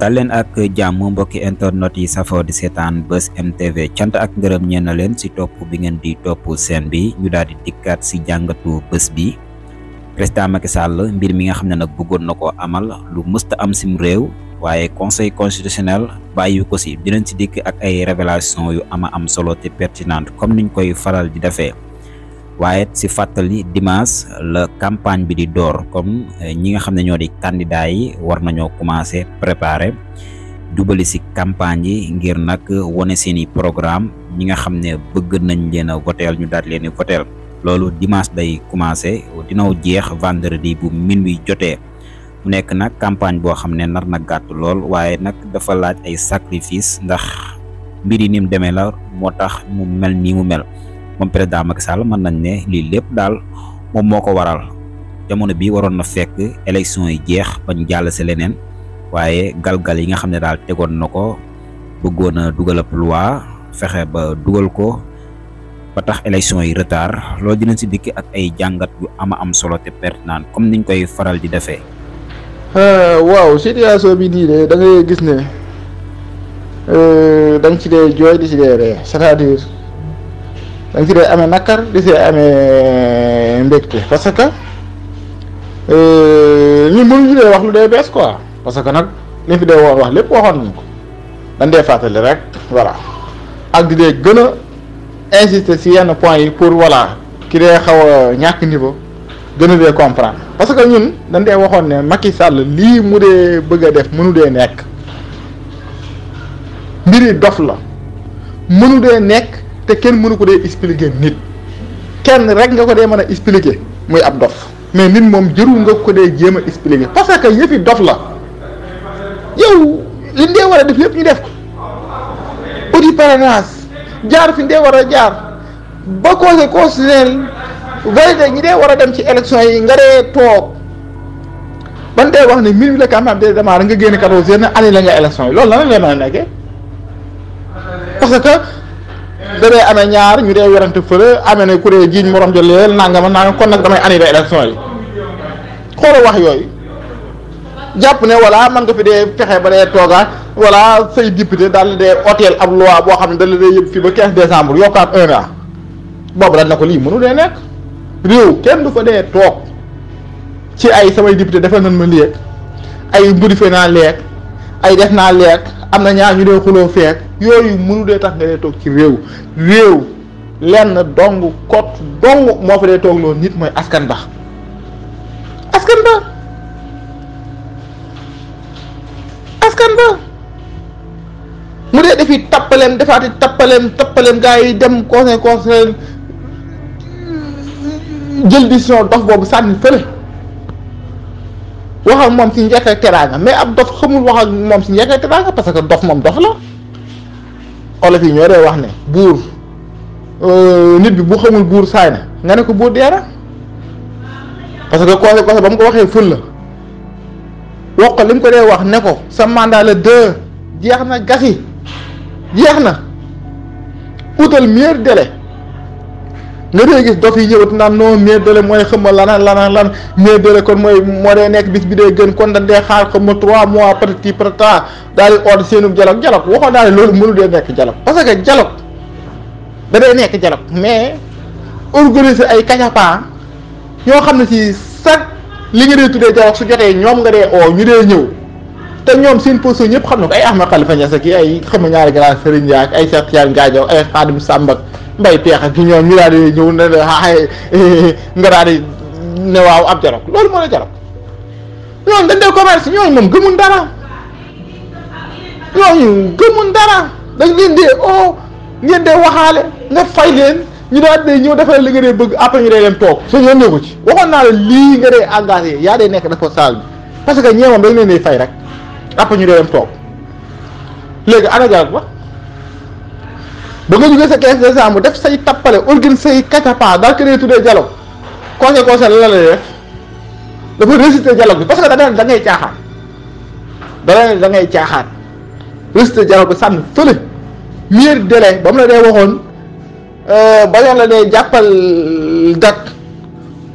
Talen ak jàmm mbokk internet yi safo di setan Buzz MTV cyant ak ngeureum ñeen ci top bi ngeen di top sen bi ñu daal di dikkaat ci jangatu bus bi president Macky Sall mbir mi nga xamne nak bëggoon amal lu musta am sim rew waaye conseil constitutionnel bayu ko ci dinañ ci dik ak ay révélation yu ama am solo te pertinente comme niñ koy faral di waye si fatali dimanche le campagne bi di dor comme eh, ñi nga xamne ñoo di candidat yi war nañu commencer préparer si campagne yi ngir nak woné seeni programme ñi nga xamne bëgg nañ leena a ñu daal leen voteel lolu dimanche day commencé dinaw jeex vendredi bu minuit jotee mu nek nak campagne bo xamne nar na gatt lool waye nak dafa laaj ay sacrifice ndax mbiri nim ni la motax mu mel ni mu mel mom président Macky Sall man nañ né li lepp dal mom moko waral jamono bi waron na fekk élection yi e jeex bañ jàll lenen wayé gal gal yi nga xamné dal tégon nako bëggona duggal ap dugal loi fexé ba duggal ko ba tax élection yi e retard loolu dinañ ci dikki ak ay jangat yu ama am solo té pertinent comme niñ koy faral di euh waaw situation ya bi di de da ngay gis né euh dang ci dé joy di ci dé c'est-à-dire. dañ ci si dee amee nakar di see amee euh, mbégte parce que euh, ñun mënuñu dee wax lu dee bees quoi parce que nag li fi dee wax lépp waxoon nañ ko dañ dee fàttali rek voilà ak di dee gën a insister si yenn point yi pour voilà ki dee xaw a ñàkk niveau gën a dee comprendre parce que ñun dañ dee waxoon ne Macky Sall lii mu dee bëgg a def mënu dee nekk mbiri dof la mënu dee nekk. te kenn mënu ko dee expliquer nit kenn rek nga ko dee mën a expliquer muy ab dof mais nit moom jërul nga ko dee jéem a expliquer parce que yëfi dof la yow li dee war a def lépp ñu def ko audi parrainage jaar fi dee war a jaar ba conseil constitutionnel validé ñi dee war a dem ci élection yi nga dee toog ban dee wax ne minuit la campagne de démarré nga génn quatorze heures ne la nga élection yi loolu lan la mën a nekkee parce que damay amee ñaar ñu dee werante fële amee ne ku dee jiiñ morom jëleel nangama nangam ko nag damay annulé élection yi xoolal wax yooyu jàpp ne voilà man nga fi dee fexe ba dee toogaat voilà say député daal dee hôtel ab loi boo xam ne daal dee yëpp fii ba 15 décembre yokkaat un an boobu dañ na ko lii mënu dee nekk réew kenn du ko dee toog ci ay samay député defal nañ ma léeg ay modifié naa leeg ay def naa leeg am na ñaar ñu dee xuloo feek yooyu mënu dee tax nga dee toog ci réew réew lenn dong kot dong moo fa dee toog loolu nit mooy askan ba askan ba askan ba mu dee defi tappaleem defaati tappaleem tappaleem gaa dem conseil conseil jël décision dox boobu sànni fële wax ak moom si njëkk ak teraanga mais ab dof xamul wax ak moom si njëkk ak teraanga parce que dof moom dof la olof yi ñoo dee wax ne buur nit bi bu xamul buur saay na nga ne ko buur dee na parce que koose koose ba mu ko waxee ful la wax ko li mu ko dee wax ne ko sa mandat la deux jeex na gasi jeex na utal meilleur délai nga dee gis dof yi ñëwati naan non mais bële mooy xëmma lana lana lan mais bële kon mooy moo dee nekk bis bi dee gën kon dañ dee xaar xëmma trois mois petit prata daal di ordre seenub dialogue dialogue waxoon naa ne loolu mënu dee nekk dialogue parce que dialogue da dee nekk dialogue mais organiser ay kacapaa ñoo xam ne si sax li nga dee tuddee dialogue su jotee ñoom nga dee oo ñu dee ñëw te ñoom seen position ñëpp xam na ko ay Ahmed Khalifa Niass ak ay xëmma ñaari grand sëriñ ak ay Cheikh Tidiane Gadio ay nday teex ak ñoom ñu daal di ñëw ne ne waaw ab jarog loolu moo la jarog commerce ñooñu moom gëmun dara ñooñu gëmun dara dañ leen dee o oh, ngeen dee waxaale nga fay leen ñu daal di ñëw defal li nga dee bëgg après ñu dee dem toog soo ñoon ñëw ko ci waxoon naa la lii nga dee engagé yaa dee nekk responsable bi parce que ñee moom dañ leen dee fay rek après ñu dee dem toog léegi ana jarog ba ba nga jógee sa 15 décembre def say tappale organiser say katapaa daal keneen tuddee dialogue conséquence la la lay def dafa résister dialogue bi parce que da ngay da ngay caaxaan da ngay da ngay caaxaan résister dialogue bi sànni fële mieux délai ba mu la dee waxoon euh, ba yoon la dee jàppal date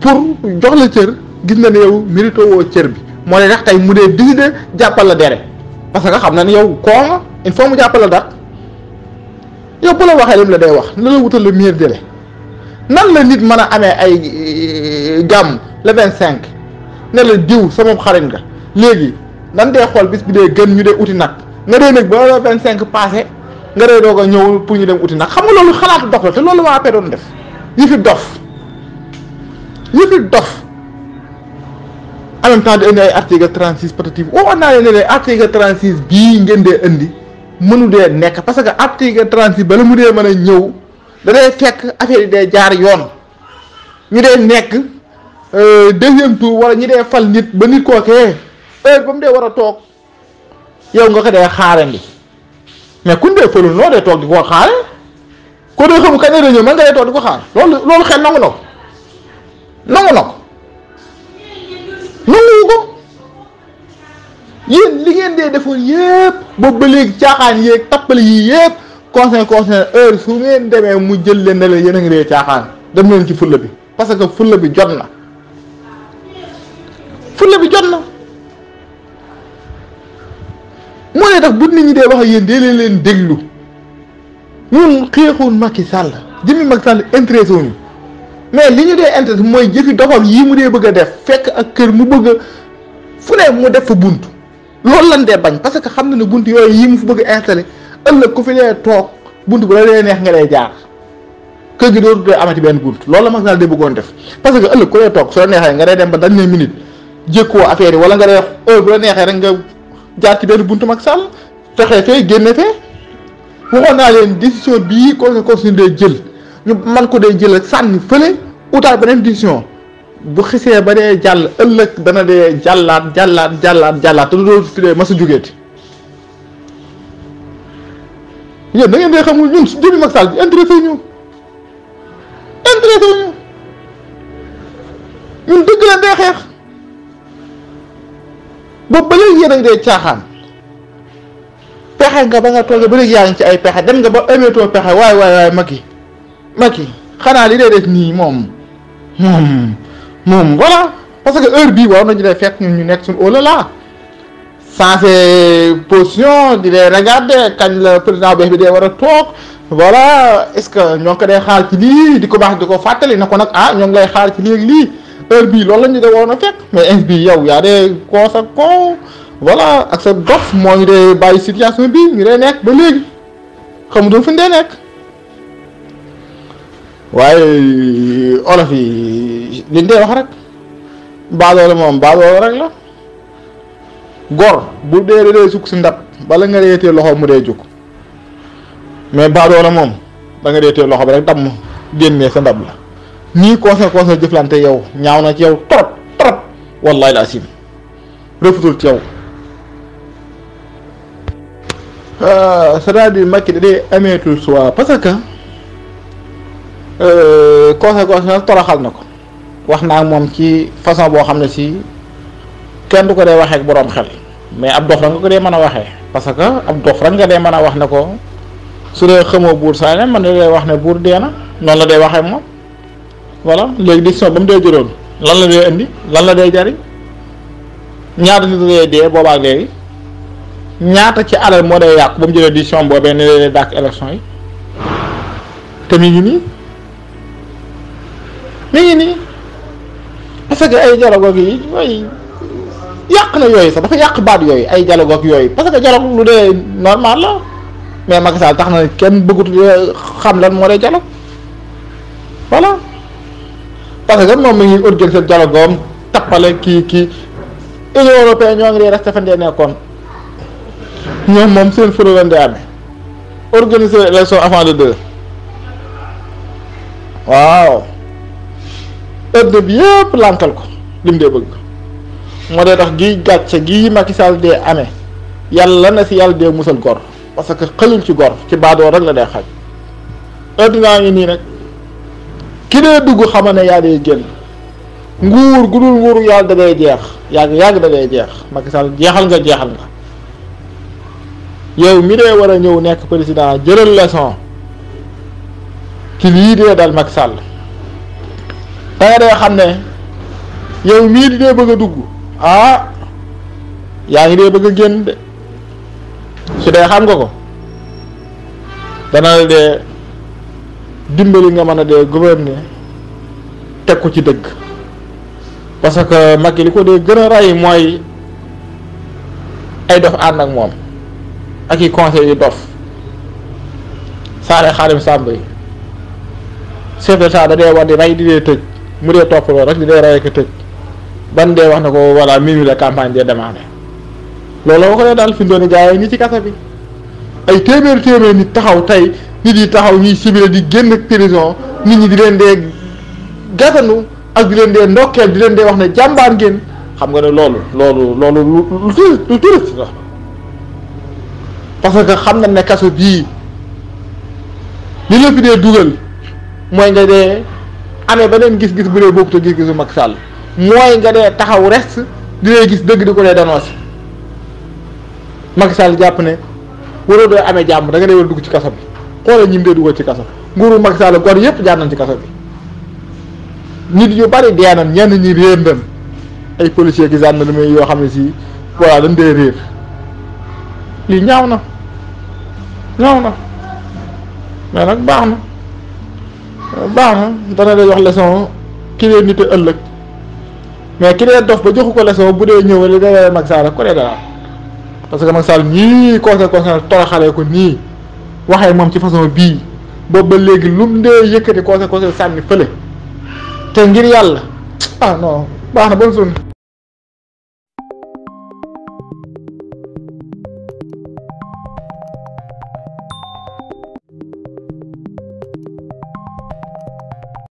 pour jox la cër gis na ne yow mérito woo cër bi moo lay tax tey mu dee décider jàppal la dere parce que xam na ne yow koo il faut mu jàppal la date. yow bu la waxee lim la day wax na la wutal le meilleur délai nan la nit mën a amee ay euh, gàmm le vingt cinq ne la diw sama xarit nga léegi nan dee xool bis bi dee gën ñu dee uti nag nga dee nag ba le vingt cinq passé nga dee doog a pour ñu dem uti nag xam nga loolu xalaatu dof la te waa APR doon def yëfi dof yëfi en même temps di indi ay article 36 patati woo naa leen ne bii ngeen dee indi. mënu dee nekk parce que article trente bala mu dee mën a ñëw da day fekk affaire yi dee jaar yoon ñu dee nekk euh, deuxième tour wala ñu dee fal nit ba nit kookee heure ba mu dee war a toog yow nga ko dee xaarandi mais kun dee falul noo dee toog di ko xaare ko dee xamu kañ la ñëw man nga dee toog di ko xaar loolu loolu xel nangu na ko nangu dee defoon yëpp boobu ba léegi caaxaan yéeg tappale yii yëpp conseil conseil heure su ngeen demee mu jël leen ne leen yéen a ngi dee caaxaan dem leen ci fulla bi parce que fulla bi jot na fulla bi jot na moo ne tax bu nit ñi dee wax ak yéen dee leen déglu ñun xeexoon Macky sàll jëmmi Macky Sall intéressé wuñu mais li ñu dee intéressé mooy jëfi doxam yii mu dee bëgg a def fekk ak kër mu bëgg a fu ne mu def fa bunt loolu lan dee bañ parce que xam na ne bunt yooyu yi mu fi bëgg installé ëllëg ku fi dee toog bunt bu la dee neex nga lay jaar kër gi dootu dee amati benn bunt lool la mag Sall di bëggoon def parce que ëllëg ku dee toog su la neexee nga dee dem ba dañ ne minute jékkuwoo affaire yi wala nga dee heure bu la neexee rek nga jaar ci benn buntu Macky Sall fexee fee génne fee waxoon naa leen décision bii ko ko suñu dee jël ñu man ko dee jël ak sànni fële utaal beneen décision bu xisee ba dee jàll ëllëg dana dee jàllaat jàllaat jàllaat jàllaat te du doon tuddee masu jógeeti yéen da ngeen dee xamul ñun jëmi Macky Sall bi intéressé ñu intéressé ñu ñun dëgg la dee xeex boobu ba léegi yéen ngi dee caaxaan pexe nga ba nga toogee ba léegi yaa ngi ci ay pexe dem nga ba ameetoo pexe waaye waay waay yi Macky yi xanaa li dee def nii moom moom moom voilà parce que heure bii war nañu lay fekk ñun ñu nekk suñu au oh là sensé position di lay regarder kañ la président beex bi dee war a toog voilà est-ce que ñoo ngi ko dee xaar ci lii di ko baax di ko fàttali na ko nag ah ñoo ngi lay xaar ci léegi lii heure bi loolu la ñu de woon a fekk mais ins bi yow yaa dee koo sa koo voilà ak sa dof moo ñu dee bàyyi situation bi ñu dee nekk ba léegi xamutoon fi ñu dee nekk waaye olof yi liñ dee wax rek baadoole moom baadoole rek la gor bu dee da dee sukk si ndab bala nga dee tee loxo mu dee jóg mais baadoole moom da nga dee tee loxo bi rek dam génnee sa ndab la nii conséquence la jëflante yow ñaaw na ci yow trop trop wallahi la asim rëfutul ci yow euh, c'est-à-dire Macky da dee ameetul choix parce que euh, conséquence na toroxal na ko wax naa moom ci façon boo xam ne si kenn du ko dee waxee boroom xel mais ab dof rek nga ko dee mën a waxee parce que ab dof rek nga dee mën a wax ne ko su dee xamoo buur saa ne man dee wax ne buur dee na noonu la dee waxee moom voilà léegi décision ba mu dee jëloon lan la dee indi lan la dee jariñ ñaata nit dee dee boobaak léegi ñaata ci alal moo dee yàqu ba mu jëlee décision boobee ne dee dàq élection yi te mi ngi nii mi ngi nii fekkee ay dialogue ak yi mooy yàq na yooyu sax dafa yàq baat yooyu ay dialogue ak yooyu parce que dialogue lu dee normal la mais Macky Sall tax na kenn bëggut euh, xam lan moo dee dialogue voilà parce que moom mi ngi organiser dialogue am tappale kii kii Union européenne ñoo ngi dee resté fan dee nekkoon ñoom moom seen fure lan dee amee organiser l'élection avant le deux waaw ëdd bi yëpp lànkal ko lim dee bëgg moo dee tax gi gàcce gi Macky Sall dee amee yàlla na si yàlla dee musal gor parce que xëlul ci gor ci baadoo rek la dee xaj addinaa ngi nii nag ki dee dugg xama ne yaa dee génn nguur gudul nguur yàlla da ngay jeex yàgg yàgg da ngay jeex Macky Sall jeexal nga jeexal nga yow mi dee war a ñëw nekk président jëral leçon ki lii dee dal Macky Sall da dee xam ne yow mii di dee bëgg a dugg ah yaa ngi dee bëgg a génn de su dee xam nga ko dana la dee dimbali nga mën a dee gouverner teg ko ci dëgg parce que Macky li ko dee gën a rey mooy ay dof ànd ak moom ak i conseil yu dof saare xaarim sàmb yi chef d'état da dee war di rey di dee tëj mu dee topp loolu rek di dee rey ko tëj ban dee wax na ko voilà minuit la campagne de demandé loolu la ko dee daal fi mu doon gaa yi ñi ci kasa bi ay téeméeri téeméeri nit taxaw tey nit yi taxaw ñuy sibile di génn prison nit ñi di leen dee gàttanu ak di leen dee ndokkeel di leen dee wax ne jàmbaar ngeen xam nga ne loolu loolu loolu lu lu touriste la parce que xam na ne kaso bii li la fi dee dugal mooy nga dee. amee beneen gis-gis bu dee bokkut gis-gisu Macky Sall mooy nga dee taxaw rest di dee gis dëgg di ko dee dénoncé Macky Sall jàpp ne waroo doo amee jàmm da nga dee war dugg ci kaso bi xoolal ñim dee dugal ci kaso nguuru Macky Sall gor yëpp jaar nañ ci kaso bi nit yu bari dee nañ ñenn ñi réer nañ ay policiers gi gendarme may yoo xam ne si voilà dañ dee réer lii ñaaw na ñaaw na mais nag baax na baax na dana la jox leçon ki dee nite ëllëg mais ki dee dof ba joxu ko leçon bu dee ñëw a dee Macky Sall ko dee dara parce que Macky Sall nii conséquence toroxalee ko nii waxee moom ci façon bii boobu ba léegi lu mu dee yëkkati conséquence sànni fële te ngir yàlla ah baax na bonne journée